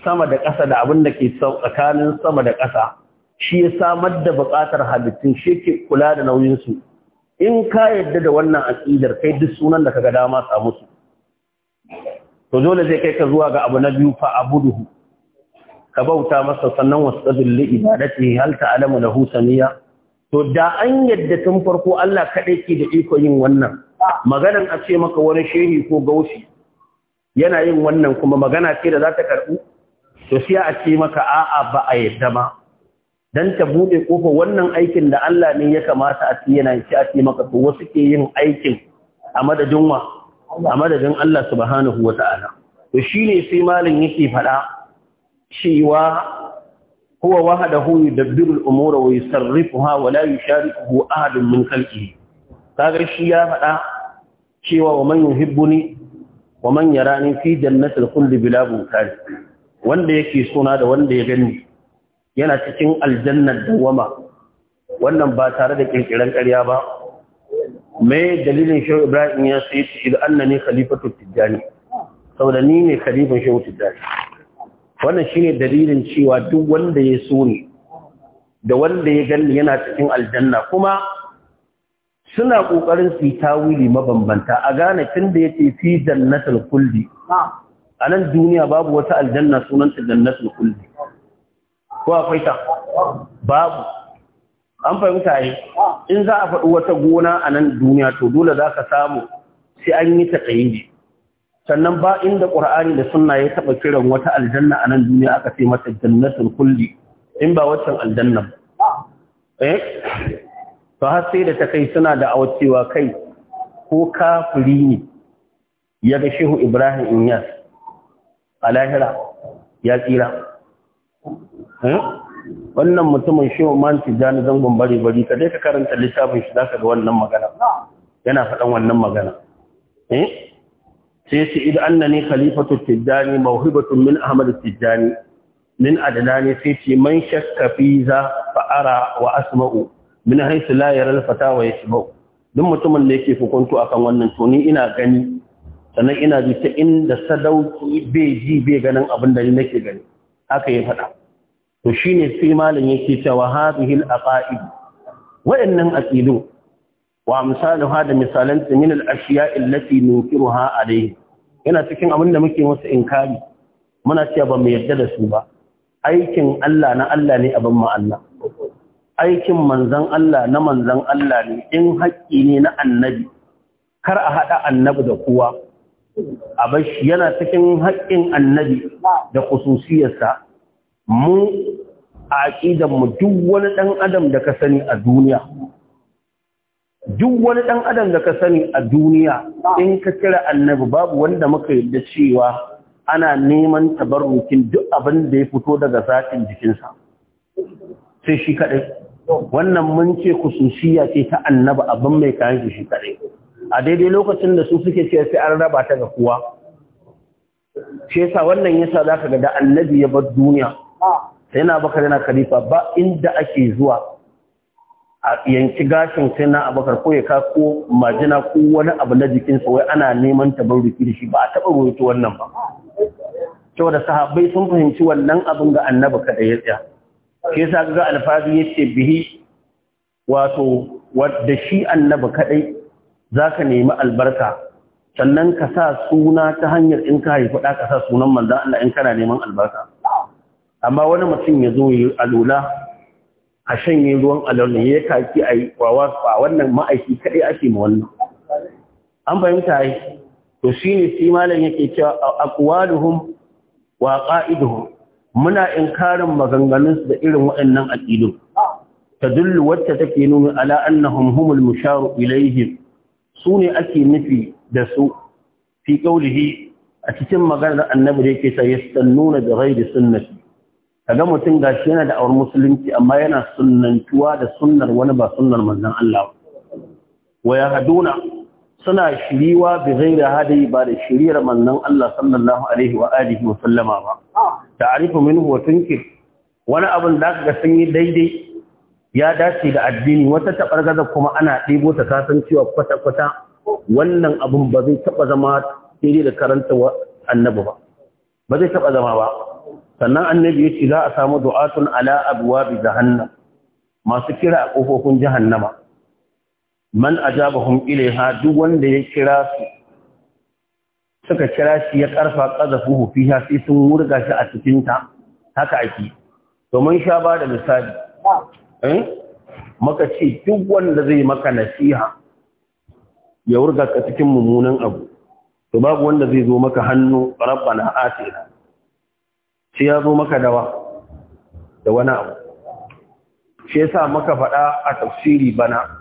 sama da ƙasa da abin da ke tsakanin sama da ƙasa shi ya samar da buƙatar halittun shi ke kula da nauyinsu in ka yadda da wannan aƙidar kai duk sunan da ka ga dama samu su to dole zai kai ka zuwa ga abu na biyu fa abuduhu ka bauta masa sannan wasqadul li ibadati hal alamu lahu samiya to da an yadda tun farko Allah kaɗai ke da iko yin wannan maganan a ce maka wani shehi ko gaushi yana yin wannan kuma magana ce da za ta karɓu to sai a ce maka a'a ba a yadda ma dan ta bude kofa wannan aikin da Allah ne ya kamata a na shi a maka to wasu ke yin aikin a madadin wa a madadin Allah subhanahu wata'ala to shine sai malin yake fada cewa huwa wahdahu yudabbiru al-umura wa yusarrifuha wa la yusharikuhu ahadun min khalqihi kaga shi ya fada cewa wa man yuhibbuni wa man yarani fi jannatil khuldi bila bukari wanda yake sona da wanda ya gani yana cikin aljannar dawama wannan ba tare da kirkiran ƙarya ba mai dalilin shehu ibrahim ya sai ce idan annani khalifatu tijjani saboda ni ne khalifan shehu tijjani wannan shine dalilin cewa duk wanda ya so ne da wanda ya gani yana cikin aljanna kuma suna ƙoƙarin su yi tawili mabambanta a gane tun da ya ce fi jannatul kulli a nan duniya babu wata aljanna sunanta jannatul kulli ko akwai ta babu an fahimta yi in za a faɗi wata gona a nan duniya to dole za ka samu sai an yi ta taƙayi sannan ba inda ƙur'ani da sunna ya taɓa kiran wata aljanna a nan duniya aka ce mata jannatul kulli in ba waccan aljanna eh to har sai da ta kai suna da awacewa kai ko kafiri ne ya ga shehu ibrahim inyas a lahira ya tsira Eh? wannan mutumin shehu man jani zangon bari bari ka dai ka karanta littafin shi ka ga wannan magana yana faɗan wannan magana su eh? sai an idan annani khalifatu tijjani mawhibatun min ahmad tijjani min ne sai ce man shakka fi za wa asma'u min haisu layar alfata wa ya wa duk mutumin da yake hukuntu akan wannan to ni ina gani sannan ina ji ta inda sadauki bai ji bai ganin abin da ni nake gani haka ya faɗa to shine sai malam yake cewa hadhihi al-aqaid wa'annan aqidu wa amsaluha da misalan min al-ashiya allati nunkiruha alayhi yana cikin abin da muke musu inkari muna cewa ba mu yarda da su ba aikin Allah na Allah ne abin ma Allah aikin manzan Allah na manzan Allah ne in haƙƙi ne na annabi kar a haɗa annabi da kowa a bashi yana cikin haƙƙin annabi da khususiyarsa mu a mu duk wani ɗan adam da ka sani a duniya duk wani ɗan adam da ka sani a duniya in ka kira annabi babu wanda muka yadda cewa ana neman tabarrukin duk abin da ya fito daga zatin jikinsa sai shi kaɗai wannan mun ce kususiya ce ta annabi abin mai kayan shi shi kaɗai a daidai lokacin da su suke ce sai an raba ta ga kowa shi yasa wannan yasa zaka ga da annabi ya bar duniya sai na bakar yana khalifa ba inda ake zuwa a yanki gashin sai na abakar ko ya ka ko majina ko wani abu na jikinsa wai ana neman tabarruki da shi ba a taɓa ruwaito wannan ba da sahabbai sun fahimci wannan abin ga annabi kada ya tsaya sai sa ga alfazi yace bihi wato wadda shi annabi kadai ka nemi albarka sannan ka sa suna ta hanyar in ka haifi da ka sa sunan manzon Allah in kana neman albarka amma wani mutum ya zo yi alula a shanye ruwan alula ya kaki a yi kwawa a wannan ma'aiki kaɗai ake ma wannan an fahimta yi to shi ne sai malam yake cewa aqwaluhum wa qa'iduhum muna karin maganganunsu da irin waɗannan Ta dullu wacce take nuna ala annahum humul musharu ilaihim sune ake nufi da su fi qawlihi a cikin maganar annabi da yake sa yastannuna bi ghairi sunnati kaga mutum gashi yana da awar musulunci amma yana sunnantuwa da sunnar wani ba sunnar manzon Allah wa Haduna suna shiriwa bi Hadayi, hadi ba da shiriyar manzon Allah sallallahu alaihi wa alihi wa sallama ba ta'rifu minhu wa tunkir wani abin da ka sun yi daidai ya dace da addini wata tabargaza kuma ana ɗebo ta kasancewa kwata-kwata wannan abun ba zai taɓa zama daidai da karanta annabi ba ba zai taɓa zama ba sannan annabi ya ce za a samu du'atun ala abwabi jahannam masu kira a kofofin jahannama man ajabahum ilaiha duk wanda ya kira su suka kira shi ya karfa qadafuhu fiha sai sun wurga shi a cikin ta haka ake to mun sha ba da misali eh maka ce duk wanda zai maka nasiha ya wurga ka cikin mummunan abu to babu wanda zai zo maka hannu rabbana atina shi ya zo maka dawa da wani abu shi sa maka faɗa a tafsiri bana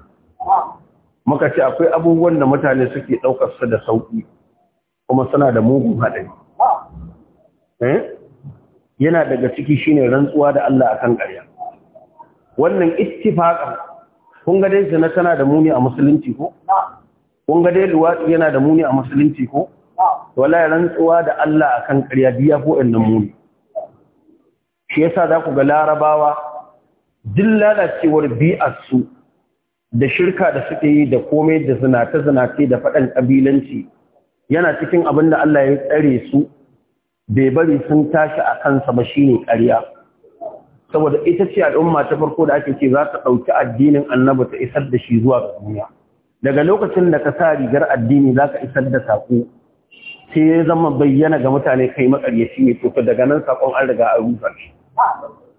Maka ce akwai abubuwan da mutane suke ɗaukar su da sauƙi kuma suna da mugun haɗari eh? yana daga ciki shine rantsuwa da Allah akan ƙarya wannan ittifaqan kun ga dai zina tana da muni a musulunci ko kun ga dai luwadi yana da muni a musulunci ko wallahi rantsuwa da Allah akan ƙarya biya ko ɗan muni shi yasa za ku ga larabawa duk lalacewar su da shirka da suke yi da komai da zinace-zinace da faɗan kabilanci yana cikin abin da Allah ya tsare su bai bari sun tashi a kansa ba shine ƙarya saboda ita ce al'umma ta farko da ake ce za ta ɗauki addinin annabi ta isar da shi zuwa ga duniya daga lokacin da ka sa rigar addini za ka isar da saƙo sai ya zama bayyana ga mutane kai maƙaryaci ne to daga nan saƙon an riga a rusa shi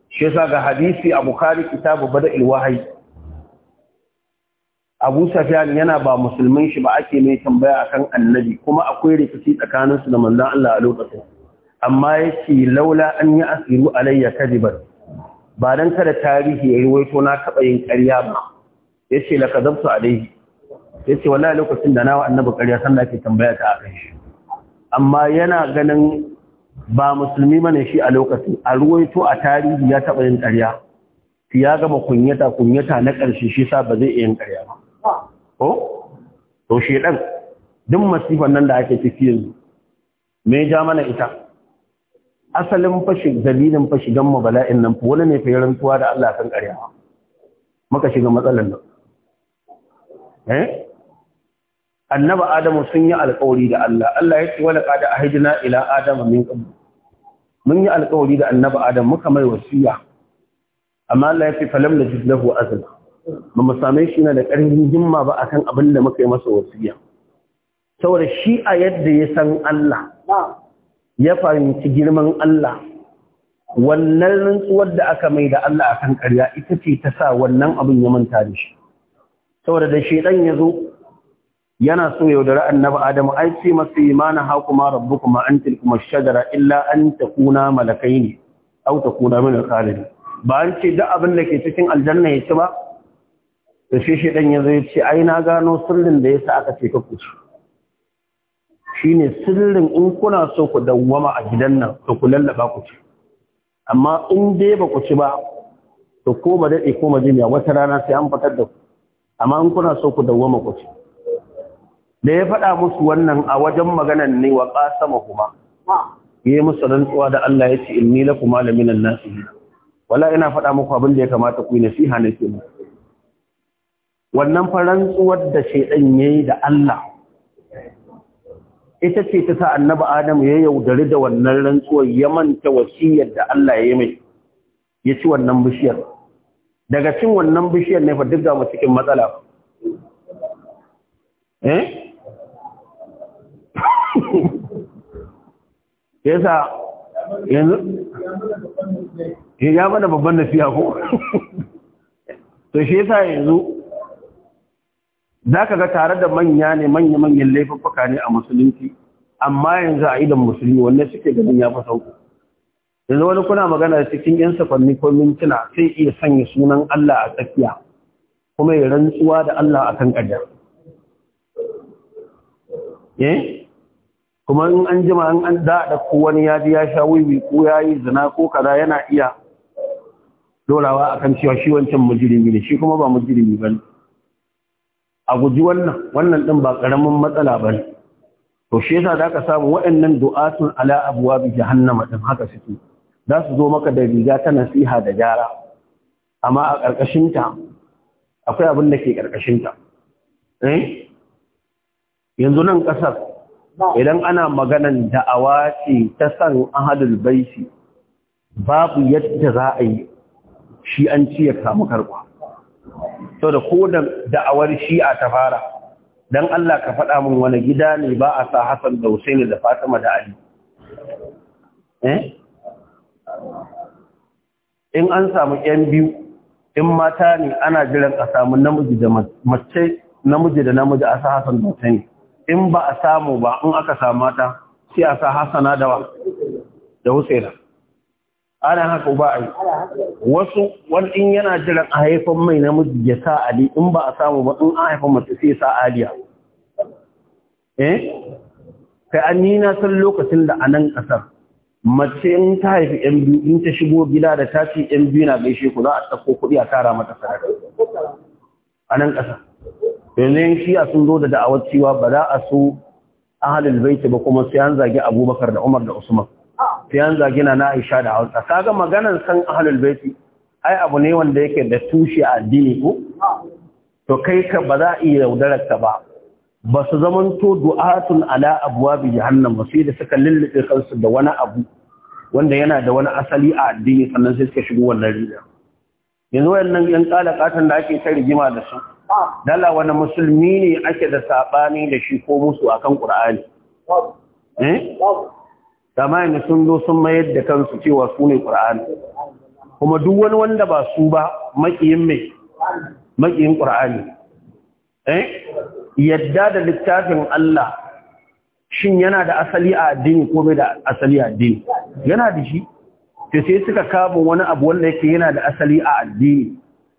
shi yasa ga hadisi a bukhari kitabu bada ilwahai abu safiyan yana ba musulmin shi ba ake mai tambaya a kan annabi kuma akwai rikici tsakanin su da manzon Allah a lokacin amma yake laula an yi asiru alayya kadibar ba dan kada tarihi yayi waito na taba yin ƙarya ba yace la kadabtu alayhi yace wallahi lokacin da nawa annabi ƙarya san da tambaya ta akan shi amma yana ganin ba musulmi mana shi a lokaci, a ruwaito a tarihi ya taɓa yin ƙarya ya gama kunyata kunyata na ƙarshe shi sa ba zai iya yin ƙarya ba ko to ɗan, duk masifan nan da ake ciki yanzu me ja mana ita asalin fashi dalilin fashi gan mu bala'in nan fa wani ne fa da Allah kan ƙarya muka shiga matsalar nan eh annaba adamu sun yi alƙawari da Allah Allah ya ce wala qad ahidna ila adama min qabl mun yi alƙawari da annaba adamu muka mai wasiya amma Allah ya ce falam najid lahu azma ba mu same shi na da ƙarfin himma ba akan abin da muka yi masa wasiya saboda shi a yadda ya san Allah ya fahimci girman Allah wannan rantsuwar da aka mai da Allah akan ƙarya ita ce ta sa wannan abin ya manta da shi saboda da shedan ya zo yana so yaudari annabi adamu ai ce haku imana ha kuma rabbukuma an tilkuma shajara illa an malakai ne au ta min mini khalidin ba an ce duk abin da ke cikin aljanna ya ci ba da shi shi dan yazo ya ce ai na gano sirrin da ya sa aka ce ka ci, shine sirrin in kuna so ku dawwama a gidan nan to ku lallaba ku ci amma in dai ba ku ci ba to ko ba dade ko majiniya wata rana sai an fitar da ku amma in kuna so ku dawwama ku ci da ya faɗa musu wannan a wajen maganan ne wa ƙasama kuma ya yi musu rantsuwa da Allah ya ce ilmi la kuma da minan nasihi wala ina faɗa muku abin da ya kamata ku yi nasiha na ke wannan farantsuwar da shaidan yi da Allah ita ce ta sa annabi Adam ya yaudari da wannan rantsuwar ya manta wasiyar da Allah ya yi mai ya ci wannan bishiyar daga cin wannan bishiyar ne fa duk ga mu cikin matsala eh? yasa yanzu ya mana babban nasiya ko to shi yasa yanzu za ka ga tare da manya ne manya-manyan laifuffuka ne a musulunci amma yanzu a idan musulmi wannan suke ganin ya fi yanzu wani kuna magana da cikin yan sakonni ko mintuna sai iya sanya sunan Allah a tsakiya kuma ya rantsuwa da Allah akan ƙaddar eh kuma in an jima in an da ko wani ya ji ya sha wiwi ko ya yi zina ko kaza yana iya dorawa akan cewa shi wancan mujrimi ne shi kuma ba mujrimi bane a guji wannan wannan din ba karamin matsala bane to shi yasa zaka ka samu waɗannan du'atun ala abwabi jahannama din haka suke za su zo maka da riga ta nasiha da gyara amma a ƙarƙashinta ta akwai abin da ke ƙarƙashinta. eh yanzu nan ƙasar idan ana maganan da'awa ce ta san ahalul baiti babu yadda za a yi shi an ci ya samu karɓa to da ko da da'awar shi'a ta fara dan Allah ka faɗa min wani gida ne ba a sa Hassan da Hussein da Fatima da Ali eh in an samu ƴan biyu in mata ne ana jiran a samu namiji da mace namiji da namiji a sa Hassan da Hussein in ba a samu ba in aka samu ta sai a sa hasana da da husaina ana haka ba a yi wasu wani in yana jiran a haifan mai namiji ya sa ali in ba a samu ba in a haifan mace sai sa aliya eh kai an nina san lokacin da a nan kasar mace in ta haifi yan biyu in ta shigo gida da ta ce yan biyu na gaishe ku za a ɗauko kuɗi a tara mata sadaka a nan ƙasa yanzu shi'a sun zo da da'awar cewa ba za a so ahalul baiti ba kuma sai an zage abubakar da umar da usman sai an zage na aisha da hausa kaga maganar san ahalul baiti ai abu ne wanda yake da tushe a addini ko to kai ka ba za a iya yaudarar ka ba ba su zaman zamanto du'atun ala abwabi jahannam ba sai da suka lullube kansu da wani abu wanda yana da wani asali a addini sannan sai suka shigo wannan riga yanzu wayannan yan katan da ake ta rigima da su dala wani musulmi ne ake da saɓani da shi ko musu akan ƙur'ani eh zamani sun zo sun mayar da kansu cewa su ne ƙur'ani kuma duk wani wanda ba su ba maƙiyin mai maƙiyin ƙur'ani eh? yadda da littafin Allah shin yana da asali a addini ko mai da asali a addini yana da shi sai suka kama wani abu wanda yake yana da asali a addini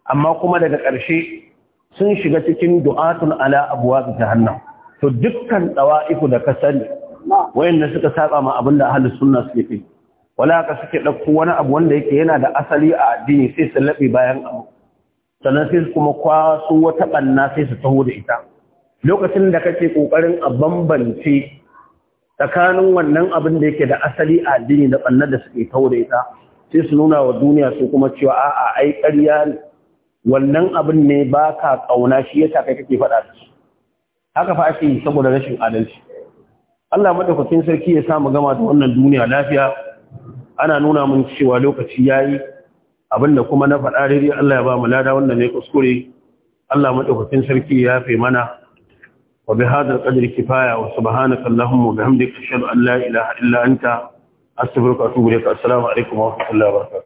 amma kuma daga ƙarshe sun shiga cikin du'atun ala jahannam to dukkan dawa'ifu da ka sani wayanda suka saba ma abinda ahlus sunna suke yi wala ka suke dauko wani abu wanda yake yana da asali a addini sai su labe bayan abu sannan sai kuma kwaso wata banna sai su taho da ita lokacin da kake kokarin a bambance tsakanin wannan abin da yake da asali a addini da bannar da suke taho da ita sai su nuna wa duniya su kuma cewa a'a ai ƙarya ne wannan abin ne ba ka ƙauna shi yasa kai kake faɗa da su haka fa ake saboda rashin adalci Allah madaukakin sarki ya samu gama da wannan duniya lafiya ana nuna mun cewa lokaci yayi abinda kuma na faɗa daidai Allah ya ba mu lada wannan ne kuskure Allah madaukakin sarki ya yafe mana wa bi hadal qadri kifaya wa subhanaka allahumma wa bihamdika ashhadu an la ilaha illa anta astaghfiruka wa atubu ilaik assalamu alaikum wa rahmatullahi wa barakatuh